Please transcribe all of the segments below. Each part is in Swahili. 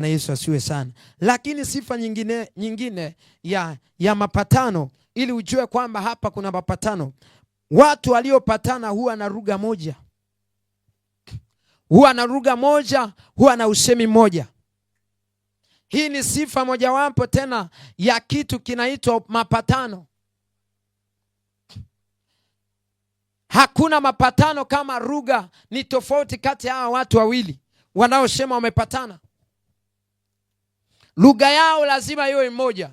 na Yesu asiwe sana. Lakini sifa nyingine, nyingine ya, ya mapatano ili ujue kwamba hapa kuna mapatano. Watu waliopatana huwa na lugha moja, huwa na lugha moja, huwa na usemi mmoja. Hii ni sifa mojawapo tena ya kitu kinaitwa mapatano. Hakuna mapatano kama lugha ni tofauti kati ya hawa watu wawili wanaosema wamepatana. Lugha yao lazima iwe mmoja.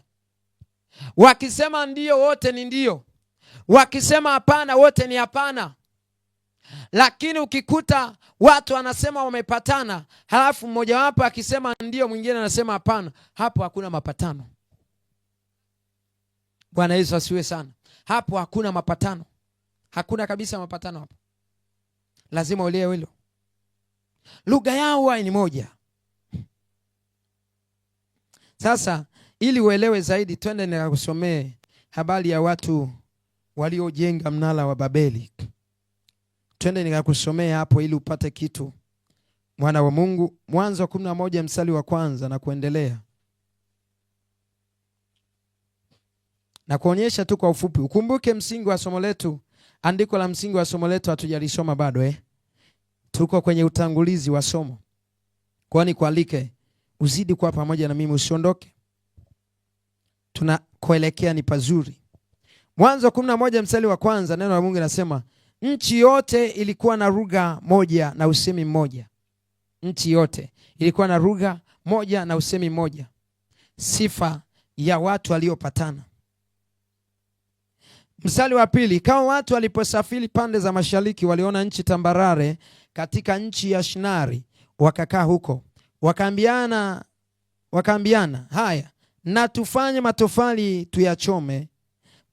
Wakisema ndio, wote ni ndio. Wakisema hapana, wote ni hapana. Lakini ukikuta watu wanasema wamepatana, halafu mmojawapo akisema ndio, mwingine anasema hapana, hapo hakuna mapatano. Bwana Yesu asiwe sana. Hapo hakuna mapatano, hakuna kabisa mapatano hapo. Lazima ulie hilo. Lugha yao ni moja. Sasa ili uelewe zaidi, twende nikakusomee habari ya watu waliojenga mnara wa Babeli. Twende nikakusomee hapo ili upate kitu, mwana wa Mungu. Mwanzo wa kumi na moja mstari wa kwanza na kuendelea, na kuonyesha tu kwa ufupi. Ukumbuke msingi wa somo letu, andiko la msingi wa somo letu hatujalisoma bado eh? Tuko kwenye utangulizi wa somo, kwa nikualike uzidi kuwa pamoja na mimi, usiondoke. Tunakoelekea ni pazuri. Mwanzo kumi na moja mstari wa kwanza, neno la Mungu linasema nchi yote ilikuwa na lugha moja na usemi mmoja. Nchi yote ilikuwa na lugha moja na usemi mmoja. Sifa ya watu waliopatana. Mstari wa pili, kama watu waliposafiri pande za mashariki, waliona nchi tambarare katika nchi ya Shinari, wakakaa huko wakaambiana wakaambiana, haya na tufanye matofali tuyachome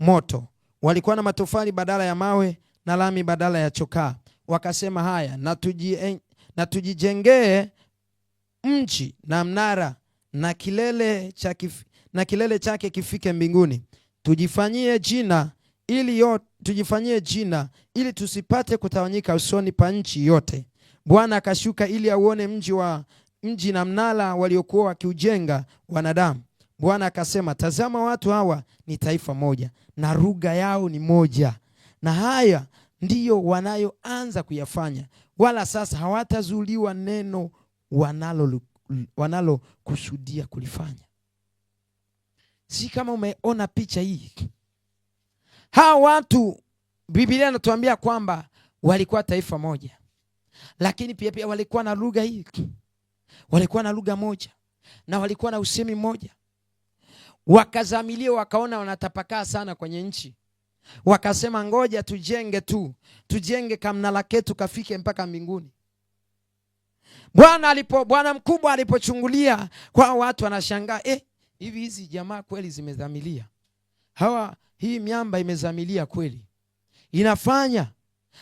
moto. Walikuwa na matofali badala ya mawe na lami badala ya chokaa. Wakasema, haya na tuji, na tujijengee mji na mnara na kilele cha kif, na kilele chake kifike mbinguni, tujifanyie jina ili yo, tujifanyie jina ili tusipate kutawanyika usoni pa nchi yote. Bwana akashuka ili auone mji wa mji na mnara waliokuwa wakiujenga wanadamu. Bwana akasema, tazama watu hawa ni taifa moja na lugha yao ni moja, na haya ndiyo wanayoanza kuyafanya, wala sasa hawatazuliwa neno wanalo wanalokusudia kulifanya. Si kama umeona picha hii, hawa watu Biblia inatuambia kwamba walikuwa taifa moja, lakini pia pia walikuwa na lugha hii walikuwa na lugha moja na walikuwa na usemi mmoja. Wakazamilia wakaona wanatapakaa sana kwenye nchi, wakasema ngoja tujenge tu, tujenge kamnala ketu kafike mpaka mbinguni. Bwana alipo Bwana mkubwa alipochungulia kwa watu anashangaa eh, hivi hizi jamaa kweli zimezamilia hawa, hii miamba imezamilia kweli inafanya,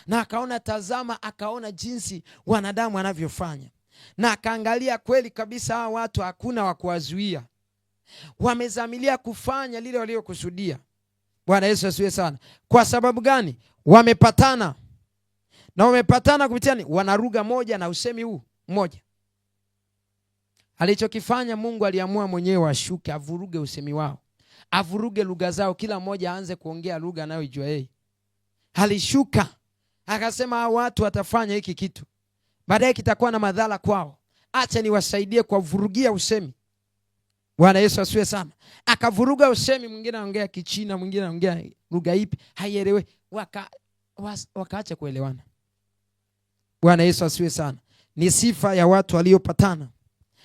na akaona, tazama, akaona jinsi wanadamu wanavyofanya na akaangalia kweli kabisa, hawa watu hakuna wa kuwazuia, wamezamilia kufanya lile waliokusudia. Bwana Yesu asiwe sana. Kwa sababu gani? Wamepatana na wamepatana kupitia ni wana wanarugha moja na usemi huu mmoja. Alichokifanya Mungu aliamua mwenyewe washuke, avuruge usemi wao, avuruge lugha zao, kila mmoja aanze kuongea lugha anayoijua yeye. Alishuka akasema, hao watu watafanya hiki kitu baadaye kitakuwa na madhara kwao. Acha niwasaidie kwa vurugia usemi. Bwana Yesu asiwe sana. Akavuruga usemi, mwingine anaongea Kichina, mwingine anaongea lugha ipi haielewe, waka wakaacha kuelewana. Bwana Yesu asiwe sana. Ni sifa ya watu waliopatana.